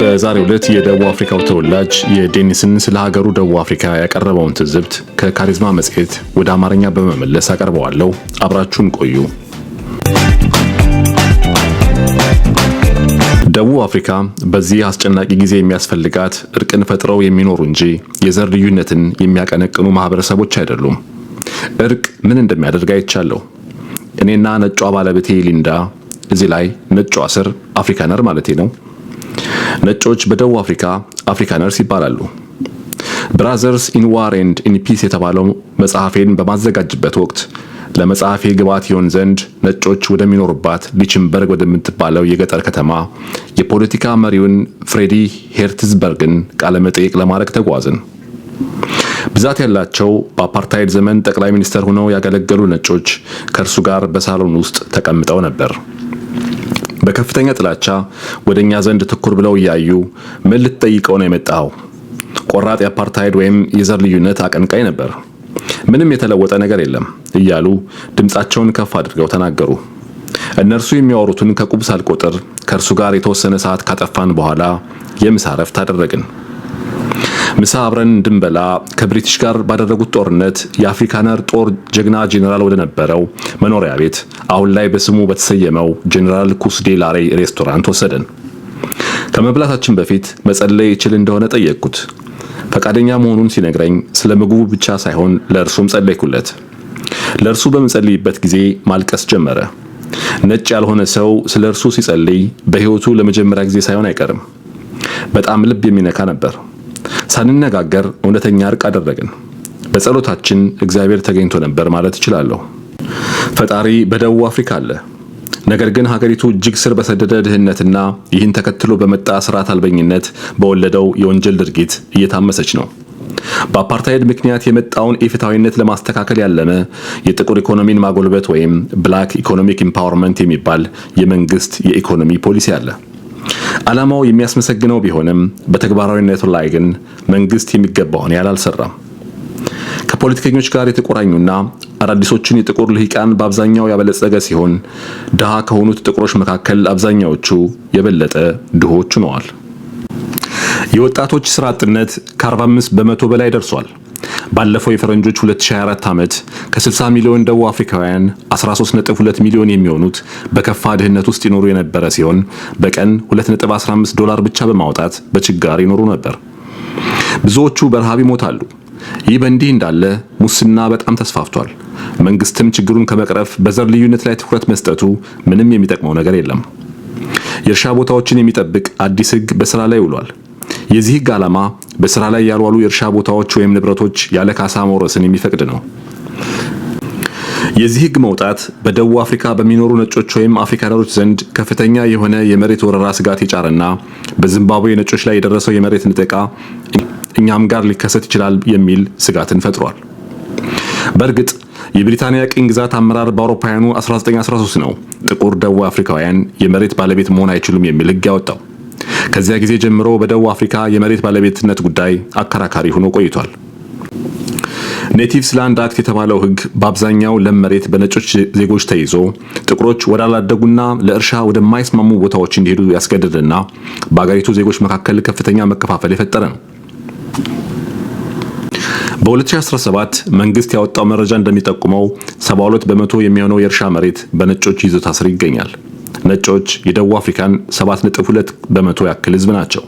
በዛሬው ዕለት የደቡብ አፍሪካው ተወላጅ የዴኒስን ስለ ሀገሩ ደቡብ አፍሪካ ያቀረበውን ትዝብት ከካሪዝማ መጽሔት ወደ አማርኛ በመመለስ አቀርበዋለሁ። አብራችሁን ቆዩ። ደቡብ አፍሪካ በዚህ አስጨናቂ ጊዜ የሚያስፈልጋት እርቅን ፈጥረው የሚኖሩ እንጂ የዘር ልዩነትን የሚያቀነቅኑ ማህበረሰቦች አይደሉም። እርቅ ምን እንደሚያደርግ አይቻለሁ። እኔና ነጯ ባለቤቴ ሊንዳ እዚህ ላይ ነጯ ስር አፍሪካነር ማለት ነው። ነጮች በደቡብ አፍሪካ አፍሪካነርስ ይባላሉ። ብራዘርስ ኢን ዋር ኤንድ ኢን ፒስ የተባለው መጽሐፌን በማዘጋጅበት ወቅት ለመጽሐፌ ግብዓት ይሆን ዘንድ ነጮች ወደሚኖሩባት ሊችንበርግ ወደምትባለው የገጠር ከተማ የፖለቲካ መሪውን ፍሬዲ ሄርትዝበርግን ቃለመጠይቅ ለማድረግ ተጓዝን። ብዛት ያላቸው በአፓርታይድ ዘመን ጠቅላይ ሚኒስተር ሆነው ያገለገሉ ነጮች ከእርሱ ጋር በሳሎን ውስጥ ተቀምጠው ነበር። በከፍተኛ ጥላቻ ወደ እኛ ዘንድ ትኩር ብለው እያዩ ምን ልትጠይቀው ነው የመጣኸው? ቆራጥ የአፓርታይድ ወይም የዘር ልዩነት አቀንቃይ ነበር፣ ምንም የተለወጠ ነገር የለም እያሉ ድምፃቸውን ከፍ አድርገው ተናገሩ። እነርሱ የሚያወሩትን ከቁብ ሳልቆጥር ከእርሱ ጋር የተወሰነ ሰዓት ካጠፋን በኋላ የምሳ ረፍት አደረግን። ምሳ አብረን እንድንበላ ከብሪቲሽ ጋር ባደረጉት ጦርነት የአፍሪካነር ጦር ጀግና ጄኔራል ወደ ነበረው መኖሪያ ቤት አሁን ላይ በስሙ በተሰየመው ጄኔራል ኩስዴ ላሬ ሬስቶራንት ወሰደን። ከመብላታችን በፊት መጸለይ ይችል እንደሆነ ጠየቅኩት። ፈቃደኛ መሆኑን ሲነግረኝ ስለ ምግቡ ብቻ ሳይሆን ለእርሱም ጸለይኩለት። ለእርሱ በምጸልይበት ጊዜ ማልቀስ ጀመረ። ነጭ ያልሆነ ሰው ስለ እርሱ ሲጸልይ በሕይወቱ ለመጀመሪያ ጊዜ ሳይሆን አይቀርም። በጣም ልብ የሚነካ ነበር። ሳንነጋገር እውነተኛ እርቅ አደረግን። በጸሎታችን እግዚአብሔር ተገኝቶ ነበር ማለት እችላለሁ። ፈጣሪ በደቡብ አፍሪካ አለ። ነገር ግን ሀገሪቱ እጅግ ስር በሰደደ ድህነትና ይህን ተከትሎ በመጣ ስርዓት አልበኝነት በወለደው የወንጀል ድርጊት እየታመሰች ነው። በአፓርታይድ ምክንያት የመጣውን ኢፍትሐዊነት ለማስተካከል ያለመ የጥቁር ኢኮኖሚን ማጎልበት ወይም ብላክ ኢኮኖሚክ ኢምፓወርመንት የሚባል የመንግስት የኢኮኖሚ ፖሊሲ አለ። ዓላማው የሚያስመሰግነው ቢሆንም በተግባራዊነቱ ላይ ግን መንግስት የሚገባውን ያህል አልሰራም። ከፖለቲከኞች ጋር የተቆራኙና አዳዲሶችን የጥቁር ልሂቃን በአብዛኛው ያበለጸገ ሲሆን ድሃ ከሆኑት ጥቁሮች መካከል አብዛኛዎቹ የበለጠ ድሆች ሆነዋል። የወጣቶች ስራ አጥነት ከ45 በመቶ በላይ ደርሷል። ባለፈው የፈረንጆች 2024 ዓመት ከ60 ሚሊዮን ደቡብ አፍሪካውያን 13.2 ሚሊዮን የሚሆኑት በከፋ ድህነት ውስጥ ይኖሩ የነበረ ሲሆን በቀን 2.15 ዶላር ብቻ በማውጣት በችጋር ይኖሩ ነበር። ብዙዎቹ በረሃብ ይሞታሉ። ይህ በእንዲህ እንዳለ ሙስና በጣም ተስፋፍቷል። መንግስትም ችግሩን ከመቅረፍ በዘር ልዩነት ላይ ትኩረት መስጠቱ ምንም የሚጠቅመው ነገር የለም። የእርሻ ቦታዎችን የሚጠብቅ አዲስ ህግ በስራ ላይ ውሏል። የዚህ ህግ ዓላማ በስራ ላይ ያልዋሉ የእርሻ ቦታዎች ወይም ንብረቶች ያለ ካሳ መውረስን የሚፈቅድ ነው። የዚህ ህግ መውጣት በደቡብ አፍሪካ በሚኖሩ ነጮች ወይም አፍሪካኖች ዘንድ ከፍተኛ የሆነ የመሬት ወረራ ስጋት የጫረና በዚምባብዌ ነጮች ላይ የደረሰው የመሬት ንጠቃ እኛም ጋር ሊከሰት ይችላል የሚል ስጋትን ፈጥሯል። በእርግጥ የብሪታንያ ቅኝ ግዛት አመራር በአውሮፓውያኑ 1913 ነው ጥቁር ደቡብ አፍሪካውያን የመሬት ባለቤት መሆን አይችሉም የሚል ህግ ያወጣው። ከዚያ ጊዜ ጀምሮ በደቡብ አፍሪካ የመሬት ባለቤትነት ጉዳይ አከራካሪ ሆኖ ቆይቷል። ኔቲቭስ ላንድ አክት የተባለው ሕግ በአብዛኛው ለም መሬት በነጮች ዜጎች ተይዞ ጥቁሮች ወዳላደጉና ለእርሻ ወደማይስማሙ ቦታዎች እንዲሄዱ ያስገደደና በአገሪቱ ዜጎች መካከል ከፍተኛ መከፋፈል የፈጠረ ነው። በ2017 መንግስት ያወጣው መረጃ እንደሚጠቁመው 72 በመቶ የሚሆነው የእርሻ መሬት በነጮች ይዞታ ስር ይገኛል። ነጮች የደቡብ አፍሪካን 7.2 በመቶ ያክል ህዝብ ናቸው።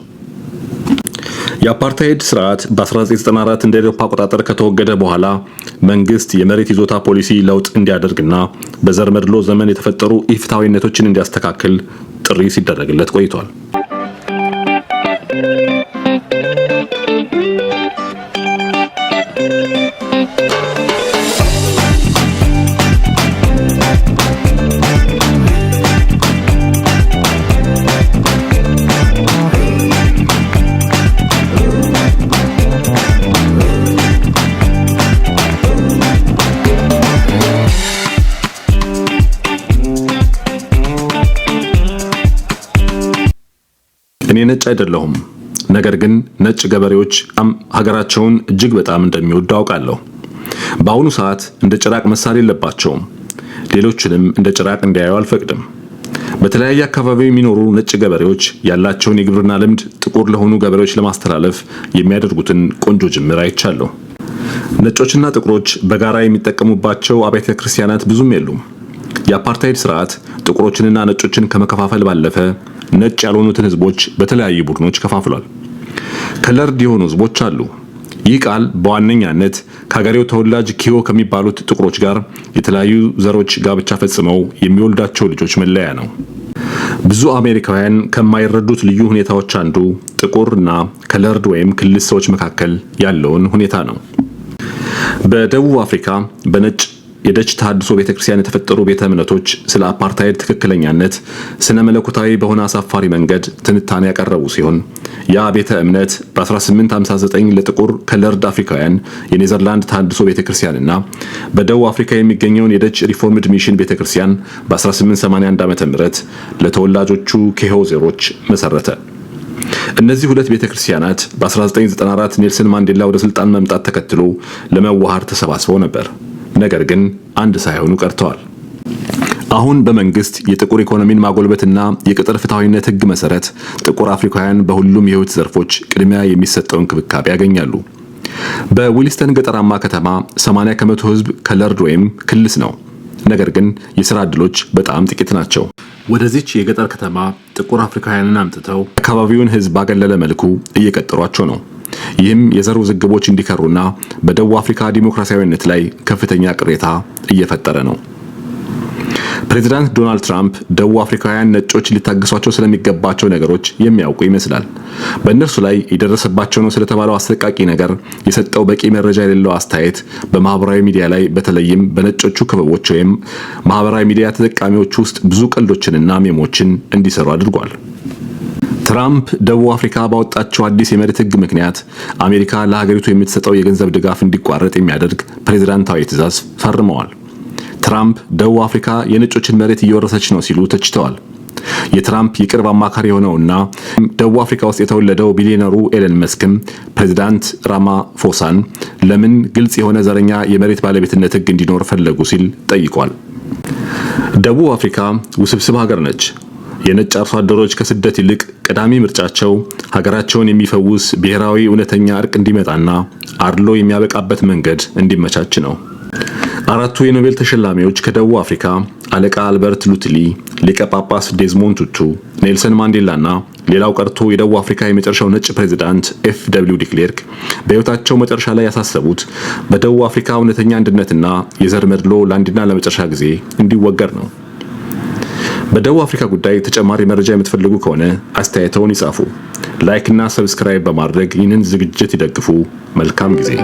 የአፓርታይድ ስርዓት በ1994 እንደ ኤሮፓ አቆጣጠር ከተወገደ በኋላ መንግስት የመሬት ይዞታ ፖሊሲ ለውጥ እንዲያደርግና በዘር መድሎ ዘመን የተፈጠሩ ኢፍትሐዊነቶችን እንዲያስተካክል ጥሪ ሲደረግለት ቆይቷል። እኔ ነጭ አይደለሁም። ነገር ግን ነጭ ገበሬዎች ሀገራቸውን እጅግ በጣም እንደሚወዱ አውቃለሁ። በአሁኑ ሰዓት እንደ ጭራቅ መሳል የለባቸውም። ሌሎችንም እንደ ጭራቅ እንዲያዩ አልፈቅድም። በተለያየ አካባቢ የሚኖሩ ነጭ ገበሬዎች ያላቸውን የግብርና ልምድ ጥቁር ለሆኑ ገበሬዎች ለማስተላለፍ የሚያደርጉትን ቆንጆ ጅምር አይቻለሁ። ነጮችና ጥቁሮች በጋራ የሚጠቀሙባቸው አብያተ ክርስቲያናት ብዙም የሉም። የአፓርታይድ ስርዓት ጥቁሮችንና ነጮችን ከመከፋፈል ባለፈ ነጭ ያልሆኑትን ህዝቦች በተለያዩ ቡድኖች ከፋፍሏል። ከለርድ የሆኑ ህዝቦች አሉ። ይህ ቃል በዋነኛነት ከሀገሬው ተወላጅ ኪዮ ከሚባሉት ጥቁሮች ጋር የተለያዩ ዘሮች ጋብቻ ፈጽመው የሚወልዳቸው ልጆች መለያ ነው። ብዙ አሜሪካውያን ከማይረዱት ልዩ ሁኔታዎች አንዱ ጥቁር እና ከለርድ ወይም ክልል ሰዎች መካከል ያለውን ሁኔታ ነው። በደቡብ አፍሪካ በነጭ የደች ተሃድሶ ቤተክርስቲያን የተፈጠሩ ቤተ እምነቶች ስለ አፓርታይድ ትክክለኛነት ስነ መለኮታዊ በሆነ አሳፋሪ መንገድ ትንታኔ ያቀረቡ ሲሆን ያ ቤተ እምነት በ1859 ለጥቁር ከለርድ አፍሪካውያን የኔዘርላንድ ተሃድሶ ቤተ በደቡብ አፍሪካ የሚገኘውን የደች ሪፎርምድ ሚሽን ቤተክርስቲያን በ1881 ዓ ም ለተወላጆቹ ዜሮች መሰረተ። እነዚህ ሁለት ቤተ ክርስቲያናት በ1994 ኔልሰን ማንዴላ ወደ ስልጣን መምጣት ተከትሎ ለመዋሃር ተሰባስበው ነበር። ነገር ግን አንድ ሳይሆኑ ቀርተዋል። አሁን በመንግስት የጥቁር ኢኮኖሚን ማጎልበትና የቅጥር ፍትሐዊነት ህግ መሰረት ጥቁር አፍሪካውያን በሁሉም የህይወት ዘርፎች ቅድሚያ የሚሰጠው እንክብካቤ ያገኛሉ። በዊልስተን ገጠራማ ከተማ 80 ከመቶ ህዝብ ከለርድ ወይም ክልስ ነው። ነገር ግን የስራ ዕድሎች በጣም ጥቂት ናቸው። ወደዚች የገጠር ከተማ ጥቁር አፍሪካውያንን አምጥተው አካባቢውን ህዝብ ባገለለ መልኩ እየቀጠሯቸው ነው። ይህም የዘር ውዝግቦች እንዲከሩና በደቡብ አፍሪካ ዲሞክራሲያዊነት ላይ ከፍተኛ ቅሬታ እየፈጠረ ነው። ፕሬዚዳንት ዶናልድ ትራምፕ ደቡብ አፍሪካውያን ነጮች ሊታገሷቸው ስለሚገባቸው ነገሮች የሚያውቁ ይመስላል። በእነርሱ ላይ የደረሰባቸው ነው ስለተባለው አሰቃቂ ነገር የሰጠው በቂ መረጃ የሌለው አስተያየት በማህበራዊ ሚዲያ ላይ በተለይም በነጮቹ ክበቦች ወይም ማህበራዊ ሚዲያ ተጠቃሚዎች ውስጥ ብዙ ቀልዶችንና ሜሞችን እንዲሰሩ አድርጓል። ትራምፕ ደቡብ አፍሪካ ባወጣቸው አዲስ የመሬት ሕግ ምክንያት አሜሪካ ለሀገሪቱ የምትሰጠው የገንዘብ ድጋፍ እንዲቋረጥ የሚያደርግ ፕሬዝዳንታዊ ትዕዛዝ ፈርመዋል። ትራምፕ ደቡብ አፍሪካ የነጮችን መሬት እየወረሰች ነው ሲሉ ተችተዋል። የትራምፕ የቅርብ አማካሪ የሆነውና ደቡብ አፍሪካ ውስጥ የተወለደው ቢሊዮነሩ ኤለን መስክም ፕሬዚዳንት ራማፎሳን ለምን ግልጽ የሆነ ዘረኛ የመሬት ባለቤትነት ሕግ እንዲኖር ፈለጉ ሲል ጠይቋል። ደቡብ አፍሪካ ውስብስብ ሀገር ነች። የነጭ አርሶ አደሮች ከስደት ይልቅ ቀዳሚ ምርጫቸው ሀገራቸውን የሚፈውስ ብሔራዊ እውነተኛ እርቅ እንዲመጣና አድሎ የሚያበቃበት መንገድ እንዲመቻች ነው። አራቱ የኖቤል ተሸላሚዎች ከደቡብ አፍሪካ አለቃ አልበርት ሉትሊ፣ ሊቀ ጳጳስ ዴዝሞን ቱቱ፣ ኔልሰን ማንዴላና ሌላው ቀርቶ የደቡብ አፍሪካ የመጨረሻው ነጭ ፕሬዝዳንት ኤፍ ደብሊው ዲክሌርክ በሕይወታቸው መጨረሻ ላይ ያሳሰቡት በደቡብ አፍሪካ እውነተኛ አንድነትና የዘር መድሎ ለአንድና ለመጨረሻ ጊዜ እንዲወገድ ነው። በደቡብ አፍሪካ ጉዳይ ተጨማሪ መረጃ የምትፈልጉ ከሆነ አስተያየተውን ይጻፉ። ላይክ እና ሰብስክራይብ በማድረግ ይህንን ዝግጅት ይደግፉ። መልካም ጊዜ